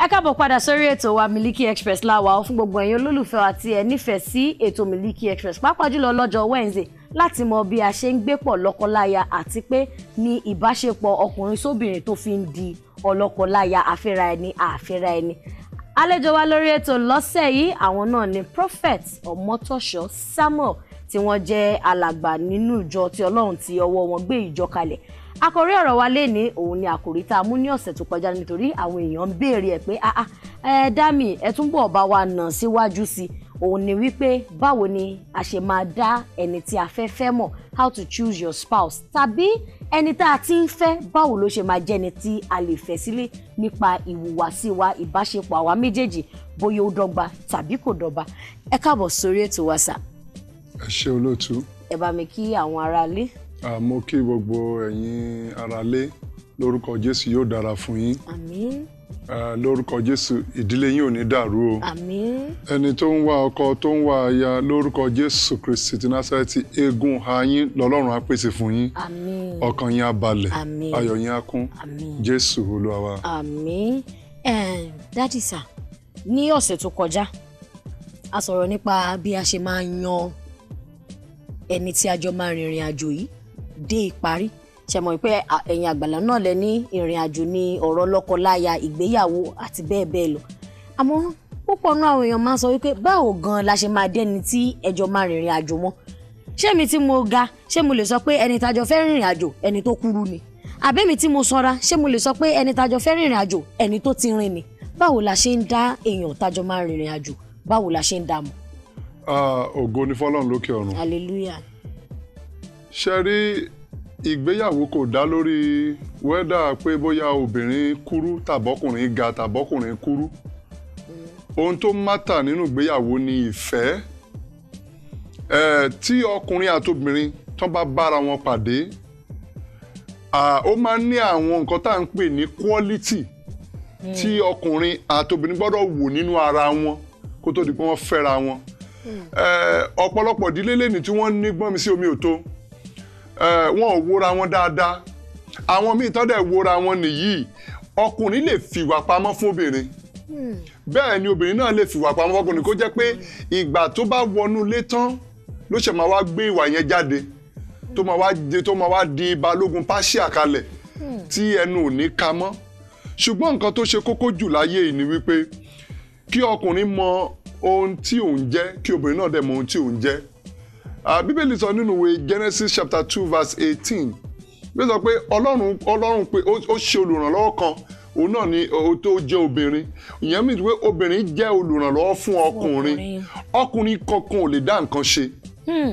ẹ káàbọ̀ padà sórí ètò wa Miliki Express láwa ọ fún gbogbo ẹ̀yin olólùfẹ́ àti ẹ̀ nífẹ̀ẹ́ sí ètò Miliki Express pàápàá jùlọ lọ́jọ́ Wednesday láti mọ bí a ṣe ń gbé pọ̀ lọ́kọláya àti pé ní ìbáṣepọ̀ ọkùnrin sóbìnrin tó fi ń di ọlọ́kọláya àfẹ́ra ẹni àfẹ́ra ẹni àlejò wa lórí ètò lọ́sẹ̀ yìí àwọn náà ni Prophet Ọmọtọ́ṣọ Samuel tí wọ́n jẹ́ alàgbà nínú ìjọ ti Ọlọ́run tí ọwọ́ wọn gbé ìjọ kalẹ̀ àkòrí ọ̀rọ̀ wa lé ní òun ni àkòrí tá a mú ní ọ̀sẹ̀ tó kọjá nítorí àwọn èèyàn ń béèrè ẹ̀ pé ah ẹ Dami ẹ túnbọ̀ bá wa nà síwájú sí òun ni wípé báwo ni a ṣe máa dá ẹni tí a fẹ́ fẹ́ mọ̀ how to choose your spouse tàbí ẹni tá a ti ń fẹ́ báwo ló ṣe máa jẹ́ ẹni tí a lè fẹ́ sílé nípa ìhùwàsí wa ìbáṣepọ̀ àwa méjèèjì bóyá ó dọ́gba tàbí kò dọ́gba ẹ káàbọ̀ sórí ètò wa sà. ẹ ṣé olóòtú. ẹ bá mi kí àwọn aráalé Ah, mo kí gbogbo ẹ̀yin aráalé lórúkọ jésù yóò dára fún yín àmín ah, lórúkọ jésù ìdílé yín ò ní dàrú o àmín ẹni tó ń wá ọkọ tó ń wá aya lórúkọ jésù kristi ti násárẹ́tì eégún ayín lọ́lọ́run á pèsè fún yín àmín ọkàn yín á balẹ̀ àmín ayọ̀ yín á kún àmín jésù olúwa wa. àmín eh, dádì sà ní ọ̀sẹ̀ tó kọjá a sọ̀rọ̀ nípa bí a ṣe máa yan ẹni tí a jọ máa rìnrìn àjò yìí dé ìparí ṣẹmọ pé ẹ̀yin àgbàlá náà lẹ ní ìrìn àjò ní ọ̀rọ̀ lọ́kọláya ìgbéyàwó àti bẹ́ẹ̀ bẹ́ẹ̀ lọ àmọ́ púpọ̀ náà àwọn èèyàn máa sọ wípé báwo gan la ṣe máa dẹni tí ẹjọ́ máa rìnrìn àjò mọ́ ṣé mi tí mo ga ṣé mo lè sọ pé ẹni tájọ fẹ́ rìnrìn àjò ẹni tó kúrú ni àbẹ́mi tí mo sanra ṣé mo lè sọ pé ẹni tájọ fẹ́ rìnrìn àjò ẹni tó ti rìn ni báwo la ṣe ń dá èèyàn tájọ máa rìnrìn àjò báwo la ṣe ń dá mọ̀. Ah, ògo ni fọlọ́run lókè ọ̀run. hallelujah ṣe rí ìgbéyàwó kò dá lórí wẹ́dà pé bóyá obìnrin kúrú tàbọ́kùnrin ga tàbọ́kùnrin kúrú ohun tó mátà nínú ìgbéyàwó ni ìfẹ́ tí ọkùnrin àtobìnrin tán bá bára wọn pàdé ó máa ń ní àwọn nǹkan tá à ń pè ní quality hmm. tí ọkùnrin àtobìnrin gbọ́dọ̀ wò nínú ara wọn kó tó di pé wọ́n fẹ́ra wọn hmm. ọ̀pọ̀lọpọ̀ ìdílé lẹ́ni tí wọ́n ní gbọ́n mi sí omi ò tó wọn ò wora wọn dáadáa àwọn míì tán dẹ̀ wora wọn nìyí ọkùnrin lè fìwà pamọ́ fún obìnrin hmm. bẹ́ẹ̀ ni obìnrin náà lè fìwà pamọ́ fọkùnrin kó jẹ́ pé ìgbà tó bá wọnú ilé tán ló ṣe máa wá gbé ìwà yẹn jáde tó máa wá di tó máa wá di balógun pàṣíà kalẹ̀ hmm. tí ẹnu ò ní ka mọ́ ṣùgbọ́n nǹkan tó ṣe kókó jù láyé yìí ni wípé kí ọkùnrin mọ ohun tí òun jẹ́ kí obìnrin náà dẹ̀ mọ ohun tí òun jẹ́ Ah, bíbélì sọ nínú ìwé genesis chapter two verse eighteen bí ó sọ pé ọlọ́run ọlọ́run pé ó ṣe olùrànlọ́wọ́ kan òun náà ni o tó jẹ́ obìnrin ìyẹn mi pé obìnrin jẹ́ olùrànlọ́wọ́ fún ọkùnrin ọkùnrin kankan ò lè dá nǹkan ṣe hmm.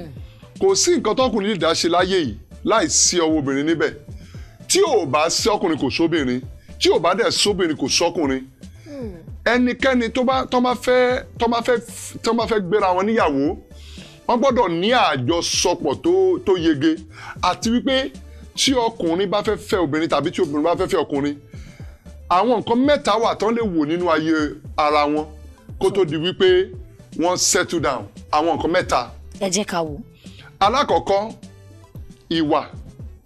kò sí nǹkan tọkùnrin lè dá ṣe láyé yìí láì sí ọwọ́ obìnrin níbẹ̀ tí ò bá sí ọkùnrin kò sóbìnrin tí ò bá dẹ̀ sóbìnrin kò sọkùnrin hmm. ẹnikẹ́ni tó bá fẹ́ gbéra wọn níyàwó wọ́n gbọ́dọ̀ ní àjọsọpọ̀ tó tó yege àti wípé tí ọkùnrin bá fẹ́ fẹ́ obìnrin tàbí tí obìnrin bá fẹ́ fẹ́ ọkùnrin àwọn nǹkan mẹ́ta wà tán lè wò nínú ayé ara wọn kó tó di wípé wọ́n settle down àwọn nǹkan mẹ́ta. ẹ jẹ́ ká wò. alákọ̀ọ́kọ́ ìwà.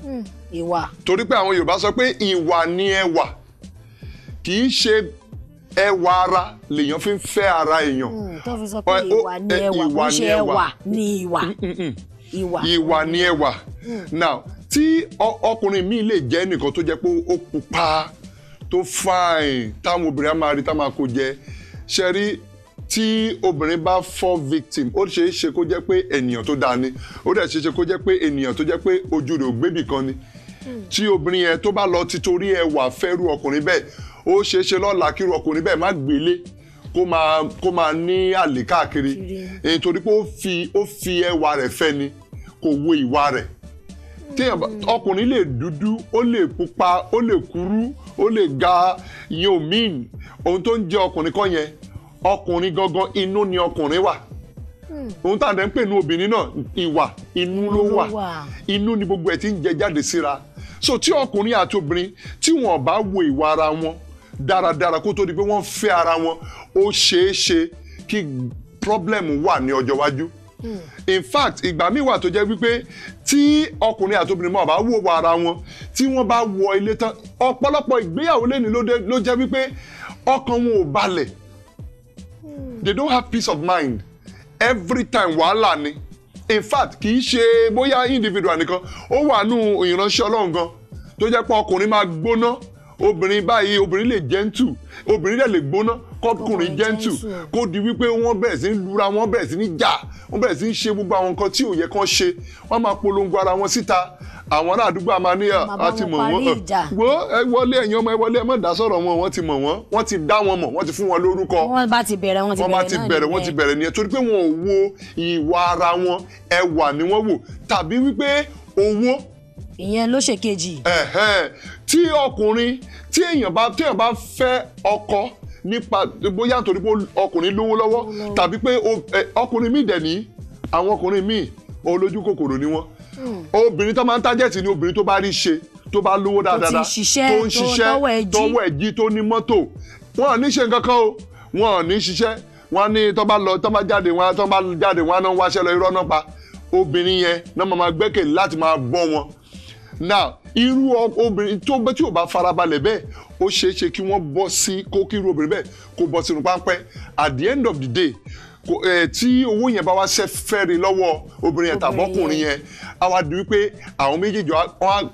Hmm, ìwà. torí pé àwọn Yorùbá sọ pé ìwà ni ẹwà kì í ṣe ẹwà ara lèèyàn fi ń fẹ́ ara èèyàn. Hmm, tó fi sọ pé ìwà ni ẹwà kò ṣe ẹwà ni mm, mm, mm. ìwà. ìwà ni ẹwà. Hmm. now tí ọkùnrin mi lè jẹ́ nìkan tó jẹ́ pé ó pupa tó fine táwọn obìnrin á máa rí táwọn máa kó jẹ ṣe rí tí obìnrin bá fọ́ victim ó ṣeé ṣe kó jẹ́ pé ènìyàn tó dáa ni ó dẹ̀ ṣeé ṣe kó jẹ́ pé ènìyàn tó jẹ́ pé ojú rẹ̀ ò gbébì kan ni hmm. tí obìnrin yẹn tó bá lọ títorí ẹwà fẹ́rù ọkùnrin bẹ́ẹ̀ ó ṣeé ṣe lọ́la kírú ọkùnrin bẹ́ẹ̀ má gbélé kó máa ní àlè káàkiri nítorí pé ó fi ẹwà rẹ̀ fẹ́ ni kò wo ìwà rẹ̀ téèyàn mm. ọkùnrin lè dúdú ó lè pupa ó lè kúrú ó lè ga yóò mean ohun tó ń jẹ ọkùnrin kọ́ yẹn ọkùnrin gangan inú ni ọkùnrin wà hmm. ohun tá à ń dẹ́ ń pè ní obìnrin náà ìwà inú ló wà inú ni gbogbo ẹ̀ ti ń jẹ jáde síra so tí ọkùnrin àti obìnrin tí wọn bá wo ìwà ara wọn dáradára kó tó di pé wọ́n fẹ́ ara wọn ó ṣeé ṣe kí problem wà ní ọjọ́ iwájú. in fact ìgbà míì wà tó jẹ́ wípé tí ọkùnrin àti obìnrin máa bá wò wọ ara wọn tí wọ́n bá wọ ilé tán ọ̀pọ̀lọpọ̀ ìgbéyàwó lẹ́ni ló jẹ́ wípé ọkàn wọn ò balẹ̀ they don't have peace of mind every time wàhálà ni in fact kì í ṣe bóyá individual nìkan ó wà nù ìránṣẹ́ ọlọ́run gan tó jẹ́ pé ọkùnrin máa gbóná obìnrin báyìí obìnrin lè gentle obìnrin dẹ̀ lè gbóná kọkùnrin gentle kó di wípé wọ́n bẹ̀rẹ̀ sí ń lura wọ́n bẹ̀rẹ̀ sí ń jà wọ́n bẹ̀rẹ̀ sí ń ṣe gbogbo àwọn nǹkan tí ò yẹ kán ṣe wọ́n máa polongo ara wọn síta àwọn ará àdúgbò àmàníyà á mọ̀ wọ́n wo ẹ wọlé ẹ̀yin ọmọ ẹ wọlé ẹ má dá sọ̀rọ̀ wọn wọ́n ti mọ̀ wọ́n wọ́n ti dá wọn mọ̀ wọ́n ti fún wọn lórúkọ wọ́n bá ti bẹ̀rẹ̀ wọ́n ti bẹ̀rẹ̀ náà nìyẹn wọ́n ti bẹ̀rẹ̀ nìyẹn torí pé wọn ò wo ìwà ara wọn ẹwà ni wọ́n wò tàbí wípé owó ìyẹn lóṣèkejì. tí ọkùnrin tí èèyàn bá tí èèyàn bá fẹ́ ọkọ nípa bóyá nítorí pé ọkùnrin lówó lọ́wọ́ tàbí pé ọkùnrin míì dẹ̀ ní àwọn ọkùnrin míì olójú kòkòrò ni wọ́n hmm. obìnrin tó máa ń tájẹ̀tì ni obìnrin tó bá rí ṣe tó bá lówó dáadáa tó ń ṣiṣẹ́ tọwọ́ ẹ̀ jí tó ní mọ́tò wọn ò ní ṣe nǹkan kan o wọn ò ní ṣiṣẹ́ wọn ní tó bá lọ tó bá jáde wọn tó bá jáde wọn náà wáṣẹ́ lọ irọ́ náà pa obìnrin yẹn náà máa gbẹ́kẹ̀ láti máa bọ́ wọn now irú obìnrin tó bẹ tí ò bá farabalẹ̀ bẹ́ẹ̀ ó ṣeé ṣe kí wọ́n bọ́ sí kó kí irú obìnrin bẹ́ẹ̀ kó bọ́ sínú páńpẹ́ at the end of the day tí owó yẹn bá wá ṣe fẹ́re lọ́wọ́ obìnrin yẹn tàbọ́kùnrin yẹn a wá di wípé àwọn méjèèjì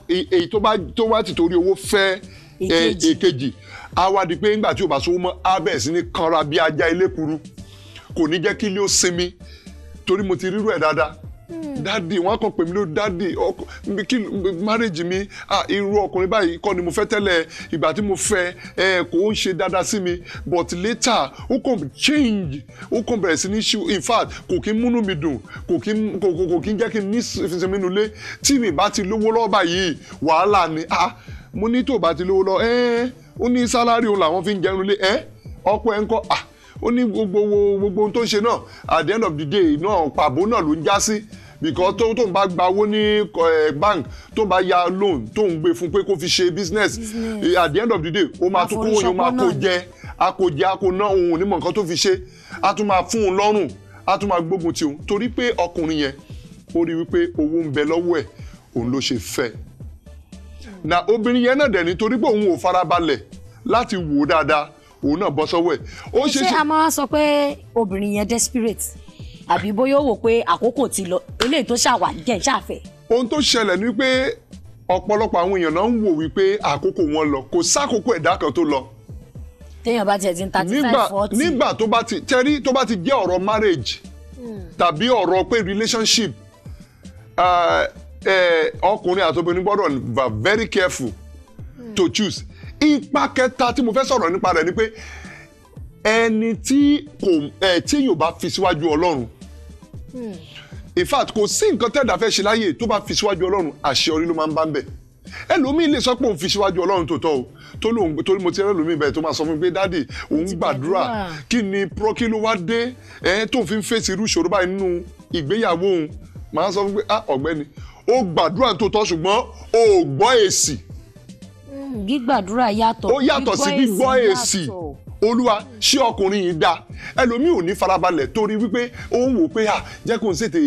e-, èyí tó bá tó wá ti torí owó fẹ́ èkejì a wá di pé nígbà tí o bá sówó mọ́ a bẹ̀rẹ̀ sí ní kanra bí ajá ilé kuru kò ní jẹ́ kí ilé ó sinmi torí mo ti rírú ẹ̀ dáadáa dádì wọn kàn pè mí ló dádì kí márèjì mi irú ọkùnrin báyìí kọ́ ni mo fẹ́ tẹ́lẹ̀ ìgbà tí mo fẹ́ kò ń ṣe dáadáa sí mi but later ó kàn change ó kàn bẹ̀rẹ̀ sí ní ṣu in fact kò kí ń múnú mi dùn kò kí ń kò kí ń jẹ́ kí n ní ìfisẹ̀mí nulẹ̀ tí mi bá ti lówó lọ́wọ́ báyìí wàhálà ni mo ní tó bá ti lówó lọ ẹ́ẹ́ ó ní sálárì òun làwọn fi ń jẹun lé ẹ́ ọkọ ẹ̀ ń kọ́ à ó ní gbogbo gbogbo ohun tó ń ṣe náà at the end of the day náà pàbó náà ló ń já sí because tó tó ń bá gba ní eh, bank tó ń bá ya loan tó ń gbé fún pé kó fi ṣe business eh, at the end of the day ó máa tún kówó yẹn ó máa kó jẹ a kò jẹ a kò ná òun ò ní mọ nǹkan tó fi ṣe a tún máa fún un lọ́rùn a tún máa gbógun ti òun torí pé ọkùnrin yẹn ó rí wípé owó ń bẹ lọ́wọ́ ẹ̀ òun ló ṣe fẹ́ na obìnrin yẹn náà dẹ̀ nítorí pé òun ò farabalẹ̀ láti wò ó dáadáa òun náà bọ́ sọ́wọ́ ẹ̀. ṣé a máa sọ pé obìnrin yẹn desperate àbí bóyá ó wò pé àkókò ti lọ eléyìí tó ṣàwà jẹ́ ṣàfẹ́. ohun tó ṣẹlẹ̀ ni pé ọ̀pọ̀lọpọ̀ àwọn èèyàn náà ń wò wípé àkókò wọn lọ kò sákòókò ẹ̀dá kan tó lọ. téèyàn bá tiẹ̀ ti ń thirty five forty. nígbà tó bá ti tẹ́rí tó bá ti jẹ́ ọ̀rọ̀ marriage hmm. tàbí ọ̀rọ̀ pé relationship eh, eh, ọkùnrin àti gbọ́dọ̀ be very careful hmm. to choose ipa kẹta tí mo fẹ́ sọ̀rọ̀ nípa rẹ̀ ni pé ẹni tí kò ẹ̀ eh, tí yóò bá fi síwájú ọlọ́run Hmm. in fact kò sí nǹkan tẹ́ẹ̀dá fẹ́ ṣe láyè tó bá fi síwájú ọlọ́run àṣeyọrí ló máa ń bá ń bẹ̀ ẹlòmíín lè sọ pé òun fi síwájú ọlọ́run tòótọ́ o tó lóun torí mo ti rẹ́ lómi bẹ́ẹ̀ tó máa sọ fún mi pé dáàdì òun gbàdúrà kí ni pro kí ló wá dé ẹ tóun fi ń fèsì irú ìṣòro báyìí nínú ìgbéyàwó òun màá sọ fún pé ah ọ̀gbẹ́ni ó gbàdúrà tòótọ́ ṣùgbọ́n ó gbọ́ èsì. Hmm, gbígbàdúrà yàtọ̀ gbígbọ́ èsì yàtọ̀ olúwa ṣé ọkùnrin yìí dáa ẹlòmíì ò ní farabalẹ̀ torí wípé òun wò pé jẹ́ kó n ṣètè.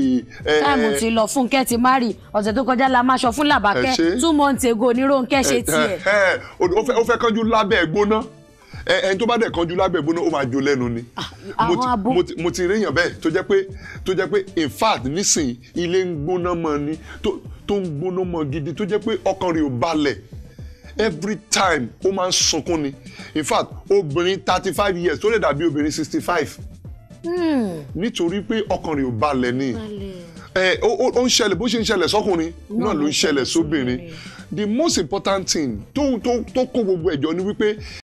táìmù ti lọ fúnkẹ́ ti mari ọ̀sẹ̀ tó kọjá la máa sọ fún làbákẹ́ two months ago ní Rónkẹ́ ṣe tiẹ̀. ó fẹ́ kánjú lábẹ́ gbóná ẹni tó bá dẹ̀ kánjú lábẹ́ gbóná ó máa jó lẹ́nu ni ah, mo ti réyàn bẹ́ẹ̀ tó jẹ́ pé tó jẹ́ pé in fact nísìnyí ilé ń gbóná mọ́ ni tó ń gbóná mọ́ gidi tó jẹ́ pé ọkàn rẹ̀ ò balẹ̀ every time ó máa ń sunkún ni in fact obìnrin thirty five years tó lè dàbí obìnrin sixty five hmm. nítorí pé ọkàn rẹ̀ ò balẹ̀ ni ó ń ṣẹlẹ̀ bó ṣe ń ṣẹlẹ̀ sọ́kùnrin náà ló ń ṣẹlẹ̀ sóbìnrin the most important thing tó kó gbogbo ẹ̀jọ́ ni wípé